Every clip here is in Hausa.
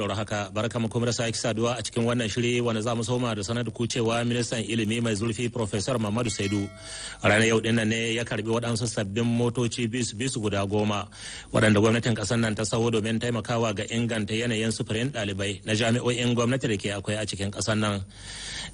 Daura haka baraka mu kuma sake saduwa a cikin wannan shiri wanda za mu soma da sanar da ku cewa ministan ilimi mai zurfi Professor Mamadu Saidu ranar yau dinnan ne ya karbi waɗansu sabbin motoci bisu bisu guda goma waɗanda gwamnatin ƙasar nan ta sawo domin taimakawa ga inganta yanayin sufurin ɗalibai na jami'o'in gwamnati da ke akwai a cikin ƙasar nan.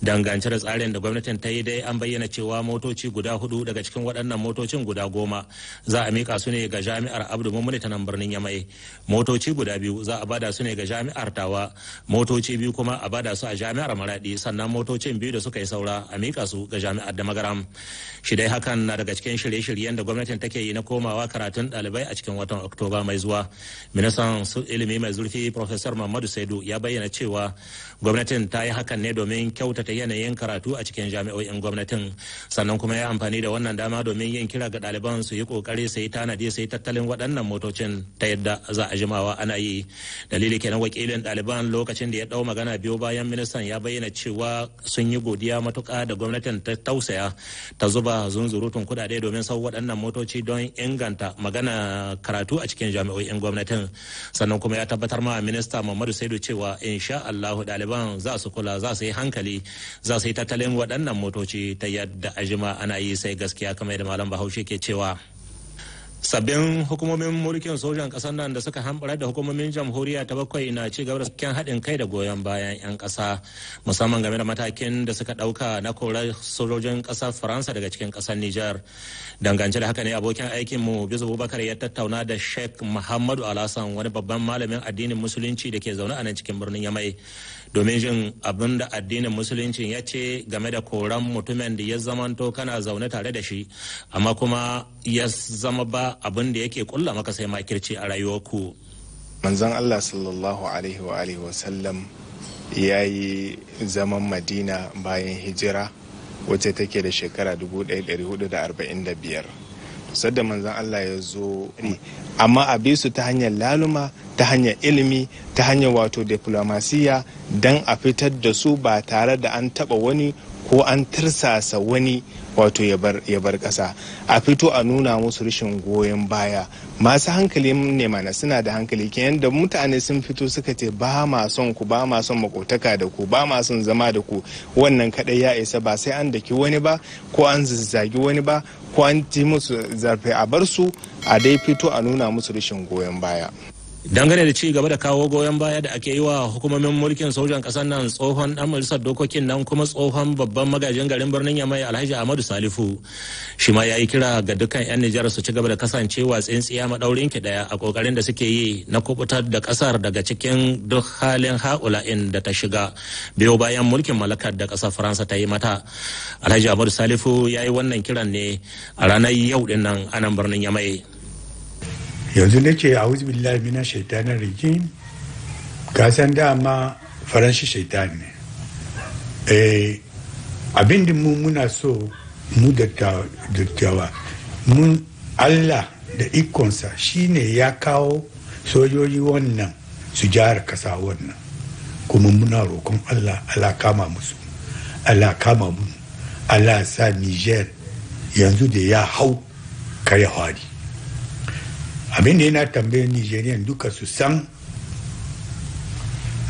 Dangance da tsarin da gwamnatin ta yi dai an bayyana cewa motoci guda hudu daga cikin waɗannan motocin guda goma za a mika su ne ga jami'ar Abdu Mumuni ta nan birnin Yamai. Motoci guda biyu za a bada su ne ga jami'ar artawa motoci biyu kuma a bada su a jami'ar maradi sannan motocin biyu da suka yi saura a mika su ga jami'ar da magaram shi dai hakan na daga cikin shirye-shiryen da gwamnatin take yi na komawa karatun ɗalibai a cikin watan oktoba mai zuwa ministan ilimi mai zurfi professor mamadu saidu ya bayyana cewa gwamnatin ta yi hakan ne domin kyautata yanayin karatu a cikin jami'o'in gwamnatin sannan kuma ya amfani da wannan dama domin yin kira ga ɗaliban su yi ƙoƙari su tanadi sai yi tattalin waɗannan motocin ta yadda za a jimawa ana yi dalili kenan wakil wakilin ɗaliban lokacin da ya ɗau magana biyu bayan ministan ya bayyana cewa sun yi godiya matuƙa da gwamnatin ta tausaya ta zuba zunzurutun kuɗaɗe domin sau waɗannan motoci don inganta magana karatu a cikin jami'o'in gwamnatin sannan kuma ya tabbatar ma minista muhammadu saidu cewa insha allahu ɗaliban za su kula za su yi hankali za su yi tattalin waɗannan motoci ta yadda ajima ana yi sai gaskiya kamar yadda malam bahaushe ke cewa. sabbin hukumomin mulkin sojan kasar nan da suka hambara da hukumomin jamhuriya ta bakwai na ci gaba da cikin haɗin kai da goyon bayan 'yan ƙasa musamman game da matakin da suka ɗauka na korar sojojin kasar faransa daga cikin kasar nijar dangance da haka ne abokin aikin mu bisu bubakar ya tattauna da sheikh muhammadu alhassan wani babban malamin addinin musulunci da ke zaune a nan cikin birnin yamai domin jin abin da addinin musulunci ya ce game da koran mutumin da ya zamanto kana zaune tare da shi amma kuma ya zama ba abin da yake kulla maka sai makirci a rayuwarku manzon allah sallallahu alaihi wa alihi wa ya yi zaman madina bayan hijira wacce take da shekara 1445 sadda manzan Allah ya zo amma a bi su ta hanyar laluma ta hanyar ilimi ta hanyar wato diplomasiya don a fitar da su ba tare da an taba wani ko an tirsasa wani wato ya bar ƙasa a fito a nuna musu rashin goyon baya masu hankali ne mana suna da hankali kenan da mutane sun fito suka ce ba ma son ku ba ma son makotaka da ku ba ma son zama da ku wannan kadai ya isa ba sai an daki wani ba ko an zazzagi wani ba ko an ji musu zarfe a bar su a dai fito a nuna musu rashin goyon baya dangane da ci gaba da kawo goyon baya da ake yi wa hukumomin mulkin sojan kasar nan tsohon dan majalisar dokokin nan kuma tsohon babban magajin garin birnin yamai alhaji ahmadu salifu shi ma ya yi kira ga dukkan 'yan nijar su ci gaba da kasancewa tsintsiya maɗaurin ki daya a ƙoƙarin da suke yi na kubutar da ƙasar daga cikin duk halin ha'ula'in da ta shiga biyo bayan mulkin mallakar da ƙasar faransa ta yi mata alhaji ahmadu salifu ya yi wannan kiran ne a ranar yau din anan birnin yamai yanzu nake a billahi mina shaitanin rigim kasan dama faranshi shaitan ne eh, abin da mu muna so mu dattawa mun allah da ikonsa shine ya kawo sojoji wannan su jihar kasa wannan kuma muna roƙon allah allah kama musu ala kama mu ala sa niger yanzu da ya hau kai hari abin da yana tambayar nigerian duka su san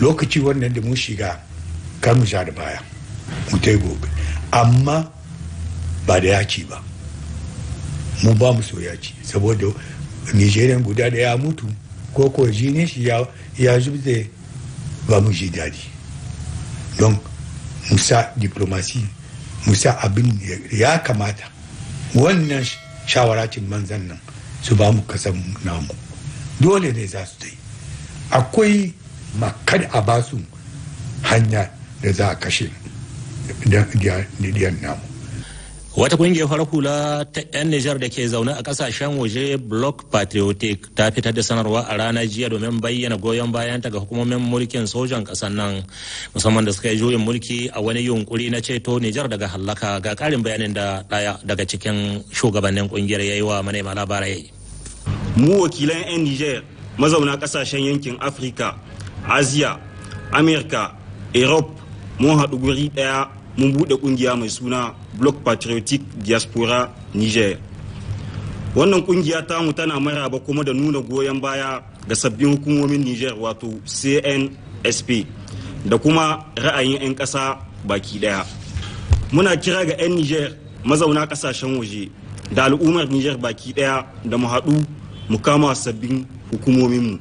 lokaci wannan da mun shiga kar mu sha da baya mu ta gobe amma ba da yaci ba mu ba mu so yaci saboda nigerian guda da ya mutu ko ko jini shi ya zubze ba mu ji daɗi don musa diplomasi musa abin ya kamata wannan shawaracin manzan nan su ba mu kasan namu dole ne za su yi akwai makar a basu hanya da za a kashe nidiyan namu wata kungiyar farar hula ta 'yan nijar da ke zaune a kasashen waje block patriotic ta fitar da sanarwa a ranar jiya domin bayyana goyon bayan ta ga hukumomin mulkin sojan kasar nan musamman da suka yi juyin mulki a wani yunkuri na ceto nijar daga hallaka ga karin bayanin da daya daga cikin shugabannin kungiyar ya yi wa manema labarai mu wakilan 'yan niger mazauna kasashen yankin afirka asiya amerika europe mun haɗu guri ɗaya mun buɗe ƙungiya mai suna bloc patriotic diaspora niger wannan ƙungiya tamu tana maraba kuma da nuna goyon baya ga sabbin hukumomin niger wato cnsp da kuma ra'ayin 'yan ƙasa baki ɗaya muna kira ga 'yan niger mazauna ƙasashen waje da al'ummar niger baki ɗaya da mu haɗu mu kama sabbin hukumominmu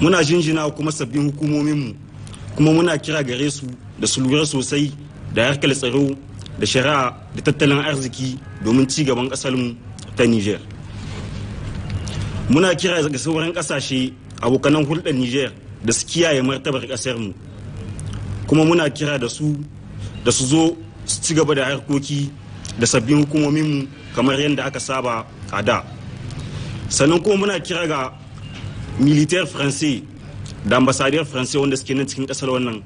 muna jinjina kuma sabbin hukumomin mu kuma muna kira gare su da su lura sosai da harkar tsaro da shari'a da tattalin arziki domin ci gaban ƙasarmu ta niger muna kira ga sauran ƙasashe abokanan hulɗar niger da su kiyaye martabar ƙasarmu kuma muna kira da su da su zo su ci gaba da harkoki da sabbin hukumomin mu kamar yadda aka saba a da sannan kuma muna kira ga militaire faransi da ambassadeur faransi wanda suke nan cikin kasar wannan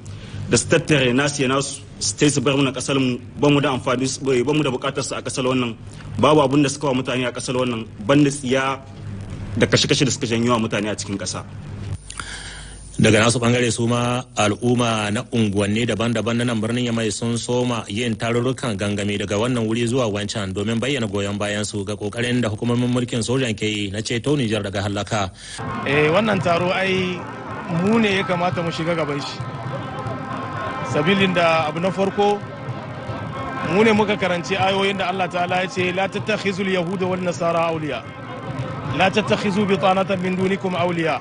da su tattare nasu ya nasu su ta su bar muna kasar mu ban mu da amfani eh, ban mu da bukatar su a kasar wannan babu abin da suka wa mutane a kasar wannan ban banda tsiya da kashe-kashe da suka janyo wa mutane a cikin kasa daga nasu bangare su ma al'umma na unguwanni daban-daban na nan birnin yamai sun soma yin tarurrukan gangami daga wannan wuri zuwa wancan domin bayyana goyon bayan su ga kokarin da hukumomin mulkin sojan ke yi na ceto nijar daga halaka eh wannan taro ai mu ne ya kamata mu shiga gaban shi sabilin da abu na farko mu ne muka karanci ayoyin da Allah ta'ala ya ce la tattakhizul yahuda wan nasara awliya la tattakhizu bitanatan min dunikum awliya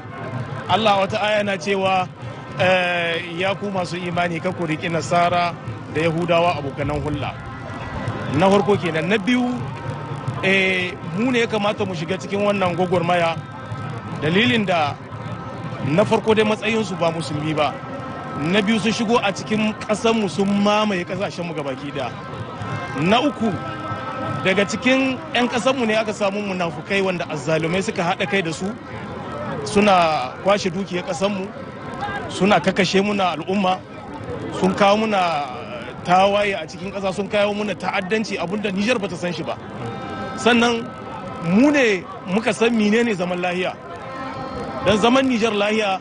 Allah wata aya na cewa eh, ya ku masu imani ka riƙi nasara da yahudawa abokanan hulla. na farko kenan na biyu eh, mu ne ya kamata mu shiga cikin wannan gwagwarmaya dalilin da na farko dai matsayinsu ba musulmi ba na biyu sun shigo a cikin ƙasarmu sun mamaye ƙasashenmu gabaki da na uku daga cikin 'yan ƙasarmu ne aka samu munafukai wanda azzalumai suka haɗa kai da su suna kwashe dukiyar ƙasanmu suna kakashe muna al'umma sun kawo muna eh, tawaye a cikin ƙasa sun kawo muna ta'addanci abinda nijar bata san shi ba sannan mu ne muka san menene zaman lahiya don zaman nijar lahiya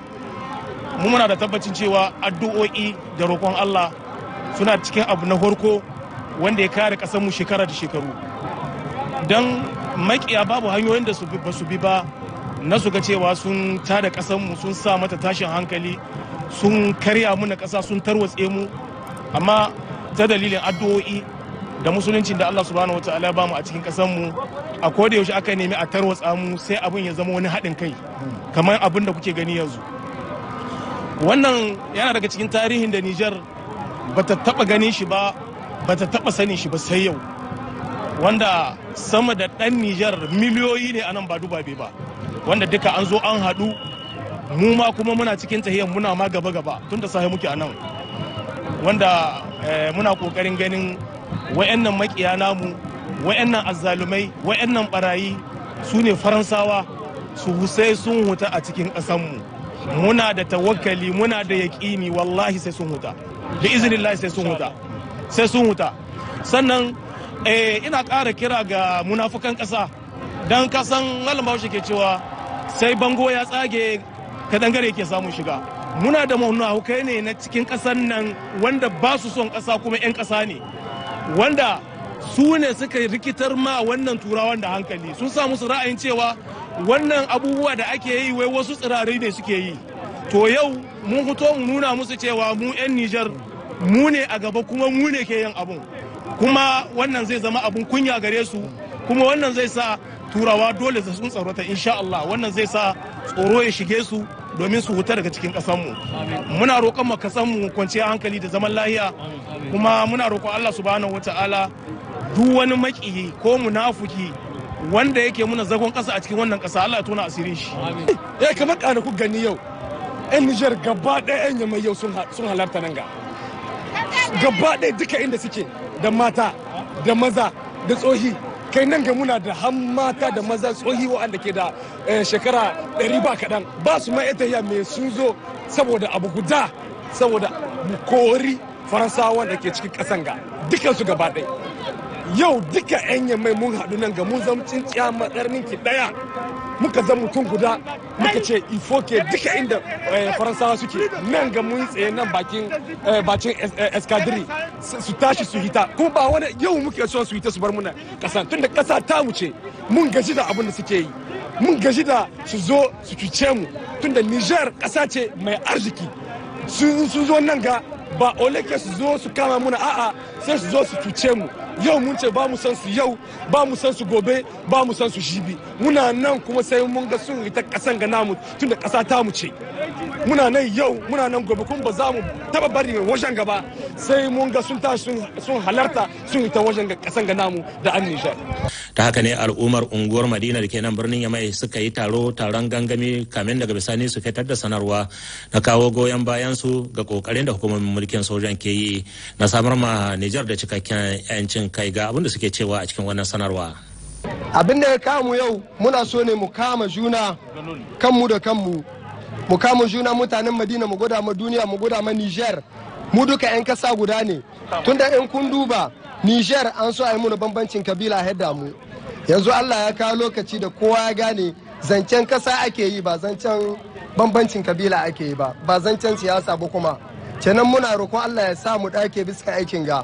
mu muna da tabbacin cewa addu'o'i da roƙon allah suna cikin abu na farko wanda ya kare ƙasarmu shekara da shekaru don makiya babu hanyoyin da ba su bi ba na su ga cewa sun tada ƙasanmu sun sa mata tashin hankali sun karya muna ƙasa sun tarwatse mu amma ta dalilin addu'o'i da musuluncin da Allah subhanahu wataala ya bamu a cikin mu a koda yaushe aka nemi a tarwatsa mu sai abin ya zama wani haɗin kai kamar abin da kuke gani yanzu wannan yana daga cikin tarihin da Nijar bata taɓa ganin shi ba bata taɓa sanin shi ba sai yau wanda sama da ɗan Nijar miliyoyi ne a nan ba dubabe ba wanda duka an zo an haɗu mu ma kuma muna cikin tahiyan muna ma gaba gaba tun da sahi muke a nan wanda eh, muna kokarin ganin wayannan makiya namu wayannan azzalumai wayannan barayi su ne faransawa su husai sun huta a cikin ƙasanmu muna da tawakkali muna da yaƙini wallahi sai sun huta da izinin sai sun huta sai sun huta sannan eh, ina ƙara kira ga munafukan ƙasa don kasan malamba shi ke cewa sai bango ya tsage kadangare ke samun shiga muna da mahunahukai ne na cikin ƙasar nan wanda ba su son ƙasa kuma 'yan ƙasa ne wanda su ne suka rikitar ma wannan turawan da hankali sun sa musu ra'ayin cewa wannan abubuwa da ake yi wai wasu tsirari ne suke yi to yau mun fito mu nuna musu cewa mu 'yan nijar mu ne a gaba kuma mu ne ke yin abun kuma wannan zai zama abun kunya gare su kuma wannan zai sa turawa dole su sun tsorata insha Allah wannan zai sa tsoro ya shige su domin su huta daga cikin kasanmu muna roƙon ma kasanmu kwanciyar hankali da zaman lahiya kuma muna roƙon Allah subhanahu wata'ala duk wani makiyi ko munafuki wanda yake muna zagon ƙasa a cikin wannan ƙasa Allah ya tona asirin shi eh kamar ku gani yau ɗan nijar gaba ɗaya ɗan yamai yau sun halarta nan ga gaba ɗaya duka inda suke da mata da maza da tsohi kai nan ga muna da han mata da maza tsohi wa'anda ke da eh, shekara ɗari ba kaɗan ba su ma ita mai sun zo saboda abu guda saboda kori faransawa da ke cikin ƙasan ga dukansu gaba ɗaya yau duka 'yan yammai mun haɗu nan ga mun zamcin tsiya matsarninki ɗaya muka zan mutum guda muka ce ifoke duka inda eh, faransawa suke nan ga mun tsaye nan bakin eh, bacin eh, eskadiri su tashi su hita kuma ba wani yau muke so su hita su bar muna kasa tunda kasa ta mu mun gaji da abin da suke yi mun gaji da su zo su cuce mu tunda niger kasa ce mai arziki sun zo nan ga ba oleke su zo su kama muna a'a sai su zo su cuce mu yau mun ce ba mu san su yau ba mu san su gobe ba mu san su jibi muna nan kuma sai mun ga sun ita kasan ga namu tun da kasa ta mu ce muna nan yau muna nan gobe kuma ba za mu taba bari wajen gaba sai mun ga sun tashi sun halarta sun ita wajen ga kasan ga namu da an nishar ta haka ne al'ummar unguwar madina da ke nan birnin yamai suka yi taro taron gangami kamin daga bisani su fitar da sanarwa na kawo goyon bayan su ga kokarin da hukumomin mulkin sojan ke yi na samar ma Nijar da cikakken 'yancin kai ga abin da suke cewa a cikin wannan sanarwa. Abin da ya kamu yau muna so ne mu kama juna kanmu da kanmu. Mu kama juna mutanen Madina mu gwada ma duniya mu gwada ma Nijar. Mu duka 'yan kasa guda ne. Tunda 'yan kun duba Nijar an so a yi muna bambancin kabila da mu. Yanzu Allah ya kawo lokaci da kowa ya gane zancen kasa ake yi ba zancen bambancin kabila ake yi ba ba zancen siyasa ba kuma. kenan muna roƙon Allah ya sa mu ɗaki bisa aikin ga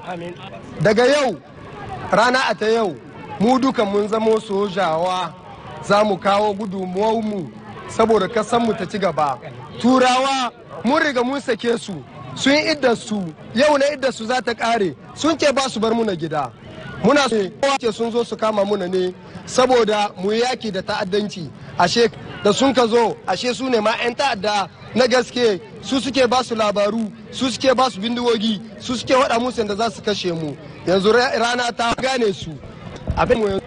daga yau rana a ta yau mu duka mun zamo sojawa za mu kawo mu saboda kasan mu ta ci gaba turawa mun riga mun sake su sun idda su yau na idda su za ta ƙare sun ke ba su bar mu na gida muna so sun zo su kama muna ne saboda mu yaki da ta'addanci ashe da sun ka zo ashe su ne ma 'yan ta'adda na gaske su suke ba su labaru su suke ba su bindigogi su suke waɗa musu yadda za su kashe mu yanzu rana ta gane su abin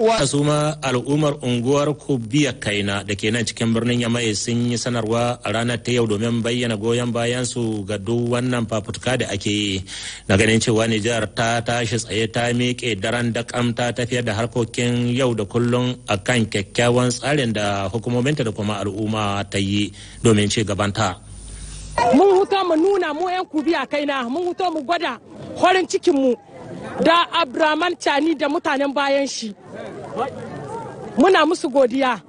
uwa su ma al'ummar unguwar kubiya kaina da ke nan cikin birnin yamai sun yi sanarwa a ranar ta yau domin bayyana goyon bayan su ga duk wannan fafutuka da ake yi na ganin cewa nijar ta tashi tsaye ta miƙe daren da ta tafiyar da harkokin yau da kullum a kan kyakkyawan tsarin da hukumominta da kuma al'umma ta yi domin ci ta. mun huto mu nuna mu 'yan kubiya kaina mun huto mu gwada horin mu. da abraman cani da mutanen bayan shi muna musu godiya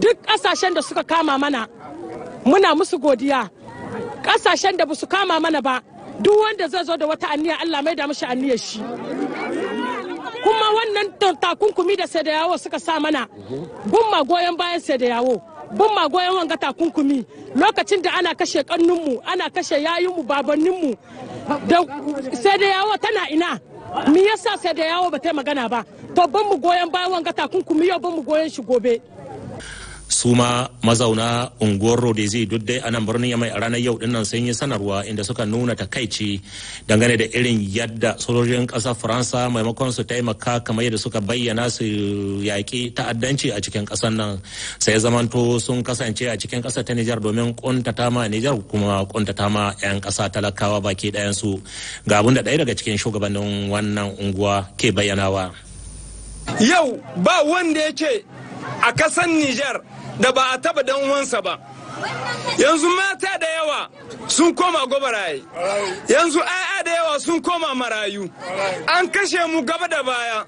duk ƙasashen da suka kama mana muna musu godiya ƙasashen da ba su kama mana ba duk wanda zai zo da wata anniya allah mai da mashi anniyar shi kuma wannan takunkumi da sai da yawo suka sa mana gumma goyon bayan sai da yawo gumma goyon wanga takunkumi lokacin da ana kashe kannunmu ana kashe yayinmu babanninmu sai da yawo tana ina me yasa sai da yawo ba ta magana ba to ban mu goyon bayan wanga takunkumi yau ban mu goyon shi gobe su ma mazauna unguwar rodezi duk dai a nan birnin yamai a ranar yau dinnan sun yi sanarwa inda suka nuna takaici dangane da irin yadda sojojin kasa faransa maimakon su taimaka kamar yadda suka bayyana su yaƙi ta'addanci a cikin ƙasar nan sai zamanto sun kasance a cikin kasa ta nijar domin kuntata ma nijar kuma kuntata ma 'yan kasa talakawa baki ɗayan su ga abin da ɗaya daga cikin shugabannin wannan unguwa ke bayyanawa. yau ba wanda ya ce a ƙasar nijar da ba a taba dan uwansa ba yanzu mata da yawa sun koma gobaraye yanzu ya'ya da yawa sun koma marayu an kashe mu gaba da baya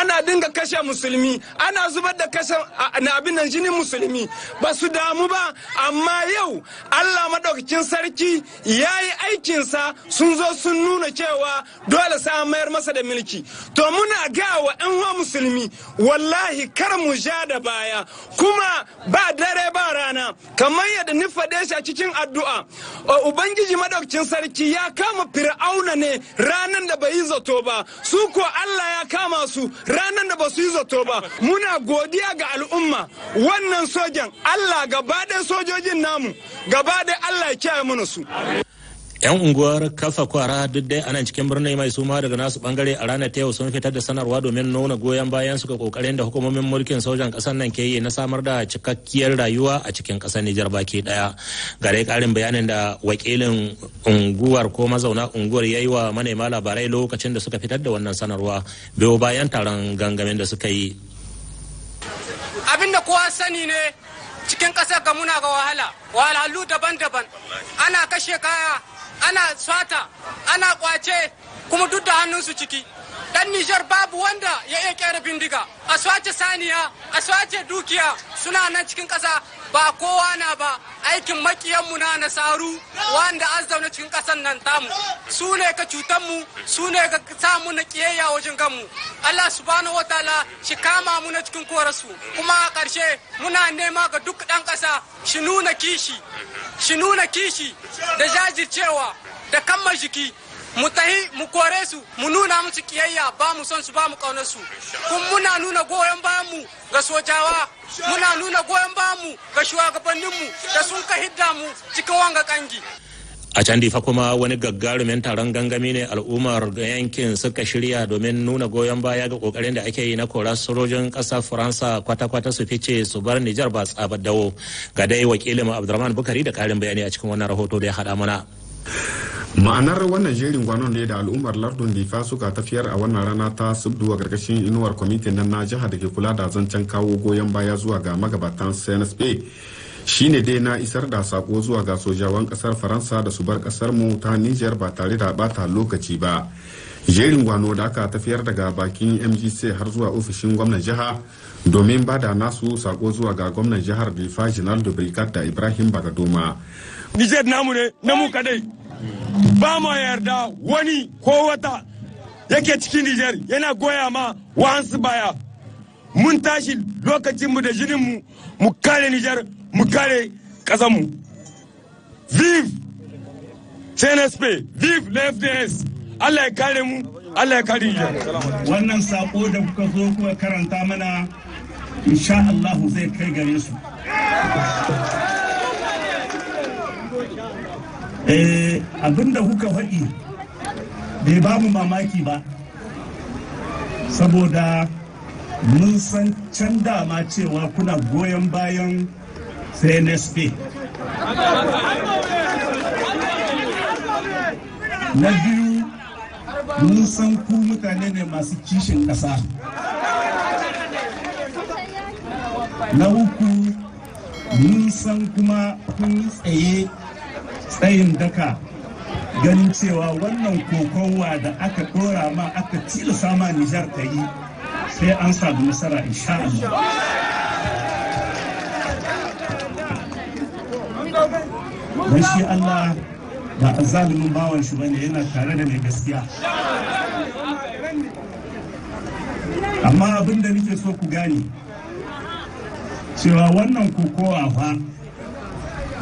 ana dinga kashe musulmi ana zubar da kashe na abin nan jinin musulmi ba su damu ba amma yau allah madaukakin sarki ya yi aikinsa sun zo sun nuna cewa dole sa mayar masa da mulki to muna ga wa 'yan musulmi wallahi kar mu ja da baya kuma ba dare ba rana kamar yadda ni fade shi a cikin addu'a ubangiji madaukakin sarki ya kama fir'auna ne ranan da bai yi zato ba su ko allah ya kama su ranan da ba su yi zato ba muna godiya ga al'umma wannan sojan allah gaba sojojin namu gaba allah ya kiyaye mana su yan unguwar kafa kwara duk dai anan cikin birnin mai suma daga nasu bangare a ranar ta yau sun fitar da sanarwa domin nuna goyon bayan suka kokarin da hukumomin mulkin sojan kasar nan ke yi na samar da cikakkiyar rayuwa a cikin kasar Nijar baki daya gare karin bayanin da wakilin unguwar ko mazauna unguwar ya yi wa manema labarai lokacin da suka fitar da wannan sanarwa biyo bayan taron gangamin da suka yi abinda kowa sani ne cikin kasar ga muna ga wahala wahalhalu daban-daban ana kashe kaya ana sata ana kwace kuma duk da hannunsu ciki dan Nijar babu wanda ya iya kyara bindiga a swace saniya a swace dukiya suna nan cikin ƙasa ba kowa na ba aikin makiyanmu na nasaru wanda an zaune cikin ƙasan nan tamu su ne ka cutanmu su ne ka samu na kiyayya wajen ganmu Allah subhanahu wataala shi kama mu na cikin korarsu kuma a ƙarshe muna nema ga duk ɗan ƙasa shi nuna kishi shi nuna kishi da jajircewa da kammar jiki mu tahi mu kore su mu nuna musu kiyayya ba mu son su ba mu kaunar su kun muna nuna goyon bayan mu ga sojawa muna nuna goyon bayan mu ga shugabannin mu da sun ka hidda mu cikin wanga kangi a can difa kuma wani gagarumin taron gangami ne al'ummar yankin suka shirya domin nuna goyon baya ga kokarin da ake yi na kora sojojin kasa faransa kwata-kwata su fice su bar nijar ba tsabar dawo ga dai wakilin abdurrahman bukari da karin bayani a cikin wannan rahoto da ya hada mana ma'anar wannan jerin gwanon ne da al'ummar lardun difa suka tafiyar a wannan rana ta subduwa karkashin inuwar kwamitin nan na jiha da ke kula da zancen kawo goyon baya zuwa ga magabatan cnsp shine dai na isar da sako zuwa ga sojawan kasar faransa da su bar kasar mu ta nijar ba tare da bata lokaci ba jerin gwano da aka tafiyar daga bakin mgc har zuwa ofishin gwamnan jiha domin ba da nasu sako zuwa ga gwamnan jihar difa general da ibrahim bagadoma nijar namu ne na kadai ba mu yarda wani ko wata yake cikin Nijar yana goya ma wa'ansu baya mun tashi lokacinmu da jininmu mu kare Nijar mu kare ƙasanmu vive CNSP vive l'FDS Allah ya kare mu Allah ya kare Nijar wannan sako da kuka zo kuka karanta mana insha Allah zai kai gare su Eh, abinda kuka faɗi bai ba mu mamaki ba saboda mun san can dama cewa kuna goyon bayan cnsp na biyu mun san ku mutane ne masu kishin ƙasa na uku mun san kuma kun tsaye tsayin daka ganin cewa wannan kokowa da aka dora ma aka tilasa sama Nijar ta yi sai an samu nasara insha Allah. Allah ba a zalimin bawan shi bane yana tare da mai gaskiya. Amma abinda da nake so ku gane cewa wannan kokowa fa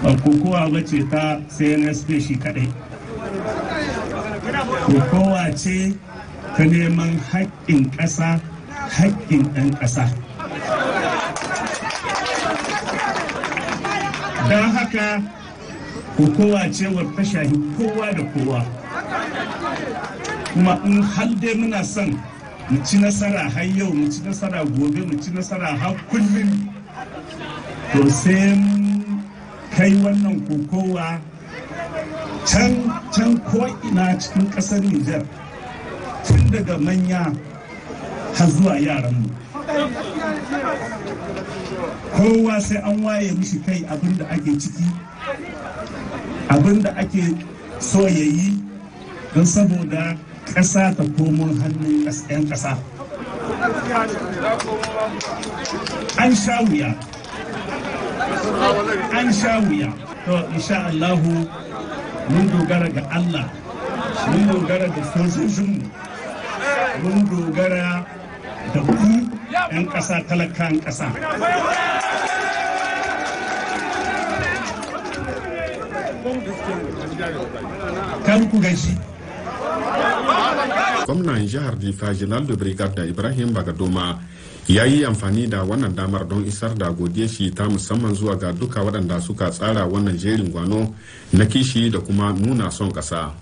ba kokowa ba ce ta cnsp shi kadai kokowa ce ta neman haƙƙin ƙasa haƙƙin ɗan ƙasa don haka kokowa ce ta shahi kowa da kowa kuma in har dai muna son mu ci nasara har yau mu ci nasara gobe mu ci nasara har kullum to sai kai wannan kokowa can can ina cikin ƙasar Nijar tun daga manya har zuwa yaranmu. Kowa sai an waye mishi kai abin ake ciki, abin ake so ya yi don saboda ƙasa ta komo hannun 'yan ƙasa. An sha wuya. an sha wuya to insha Allahu mun dogara ga Allah mun dogara ga sojojinmu mun dogara da ku 'yan ƙasa talakan ƙasa kar ku gaji Gwamnan jihar Difa brigad da Ibrahim Bagadoma ya yi amfani da wannan damar don isar da godiya shi ta musamman zuwa ga duka waɗanda suka tsara wannan jerin gwano na kishi da kuma nuna son ƙasa.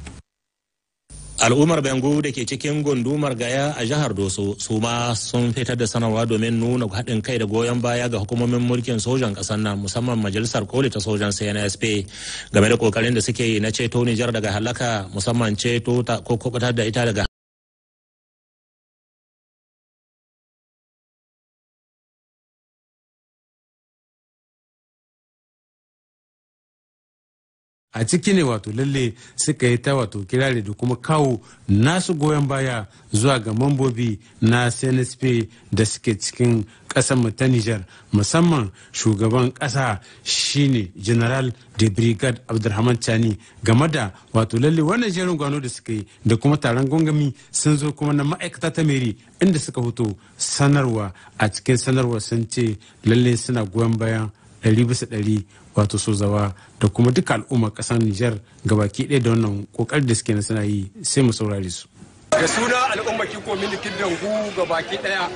al'ummar bengu da ke cikin gundumar gaya a jihar doso su ma sun fitar da sanarwa domin nuna haɗin kai da goyon baya ga hukumomin mulkin sojan ƙasar nan musamman majalisar koli ta sojan cnsp game da kokarin da suke yi na ceto nijar daga halaka musamman ceto ko kubutar da ita daga a ciki ne wato lalle suka yi ta wato kirari da kuma kawo nasu goyon baya zuwa ga mambobi na cnsp da suke cikin kasar ta nijar musamman shugaban kasa shine general de brigade abdulrahman chani game da wato lalle wannan jerin gwano da suka yi da kuma taron gungami sun zo kuma na ma'aikata ta meri inda suka hoto sanarwa a cikin sanarwa sun ce lalle suna goyon bayan ɗari bisa ɗari wato sozawa da kuma duka al'ummar kasar Nijar gabaki ɗaya da wannan ƙoƙarin da suke na suna yi sai mu saurari su. Da suna al'umma kiko milikin ga gabaki ɗaya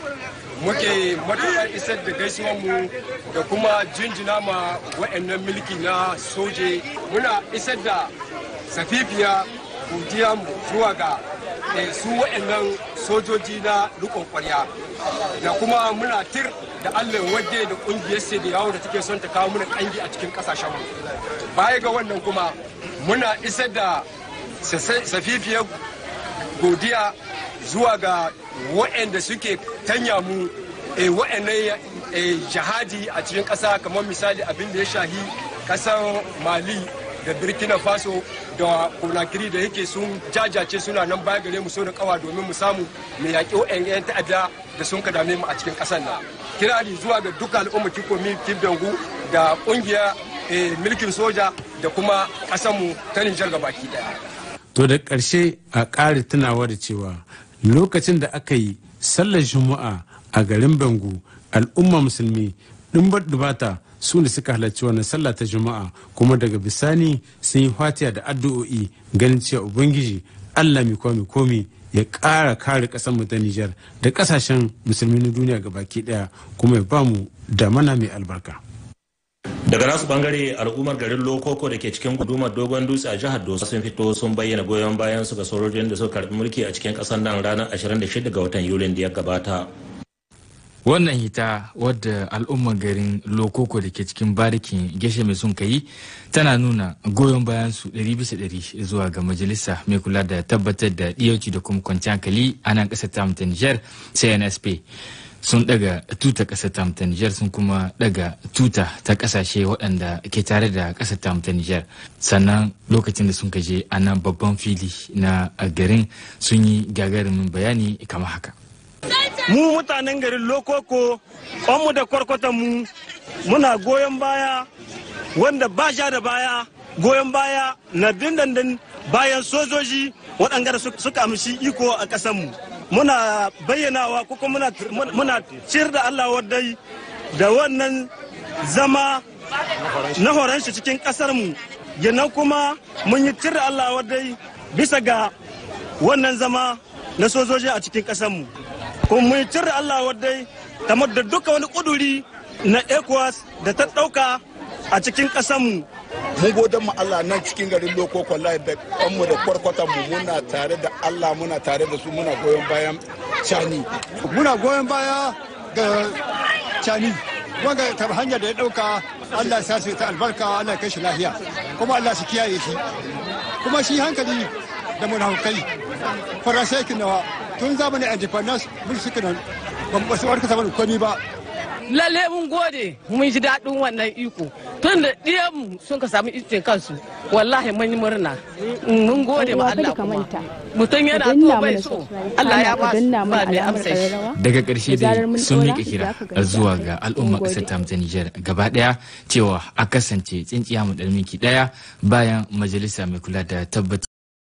muke matuƙar isar da gaisuwar mu da kuma jinjina ma wa'annan miliki na soje muna isar da safifiya kudiya zuwa ga eh, su wa'annan sojoji na rikon kwarya da kuma muna tir da allah wadde da kungiyar sai da yawo da take son ta kawo mana kangi a cikin kasashen mu baya ga wannan kuma muna isar da safifiyar godiya zuwa ga waɗanda suke tanya mu eh, waɗannan eh, jihadi a cikin ƙasa kamar misali abin da ya shahi ƙasar mali da burkina faso da konakiri da yake sun jajace suna nan baya gare mu so da kawa domin mu samu mai yaƙi 'yan ta'adda da sun ka mu a cikin ƙasar nan kirari zuwa ga duka al'umma kikomi kibdangu da ƙungiya eh, mulkin soja da kuma ƙasarmu ta nijar baki daya to da ƙarshe a ƙari tunawa da cewa lokacin da aka yi sallar juma'a a garin bangu al'umma musulmi ɗumbar dubata su ne suka halarci wannan sallah ta juma'a kuma daga bisani sun yi fatiya da addu'o'i ganin cewa ubangiji allah mi komi komi ya kara kare kasar mu ta Nijar da kasashen musulmi na duniya baki daya kuma ya bamu mana mai albarka. daga nasu bangare al'ummar garin lokoko da ke cikin gudumar dogon dutse a jihar dosa sun fito sun bayyana goyon bayan su ga sojojin da suka karbi mulki a cikin kasar nan ranar 26 ga watan yulin da ya gabata wannan hita wadda al'ummar garin lokoko da ke cikin barikin geshe mai sun kayi tana nuna goyon bayan su 100% zuwa ga majalisa mai kula da tabbatar da ɗiyauci da kuma kwanciyar hankali a nan kasar tamta niger cnsp sun daga tuta kasar tamta niger sun kuma daga tuta ta kasashe waɗanda ke tare da kasar tamta niger sannan lokacin da sun kaje a nan babban fili na garin sun yi gagarumin bayani kamar haka mu mutanen garin lokoko mu da mu muna goyon baya wanda ba sha da baya goyon baya na dindindin bayan sojoji waɗanda suka amshi iko a ƙasanmu muna bayyanawa kuka muna ciyar da allah dai da wannan zama na horon shi cikin ƙasarmu yana kuma mun yi ciyar da allah dai bisa ga wannan zama na sojoji a cikin ƙasarmu kuma mun cire Allah wadai kamar da duka wani kuduri na ECOWAS da ta ɗauka a cikin kasanmu. mu. godan mu Allah nan cikin garin Loko Kwallaye da ƙanmu da kwarkwatan mu muna tare da Allah muna tare da su muna goyon bayan Cani. Muna goyon baya ga Cani. Wanga ta hanyar da ya ɗauka Allah ya sasu ta albarka Allah ya kai shi lahiya kuma Allah su kiyaye shi. Kuma shi hankali da hankali. Farasai nawa tun zamanin independence mun suka nan ba su warka zaman komi ba lalle mun gode mun ji daɗin wannan iko tun da ɗiyanmu sun ka samu ice kansu wallahi mun yi murna mun gode ma Allah kuma mutum yana so bai so Allah ya ba su ba mai amsa shi daga ƙarshe dai sun miƙa kira zuwa ga al'umma ƙasar ta ta Nijar gaba ɗaya cewa a kasance tsintsiya mu ɗan miki ɗaya bayan majalisa mai kula da tabbatar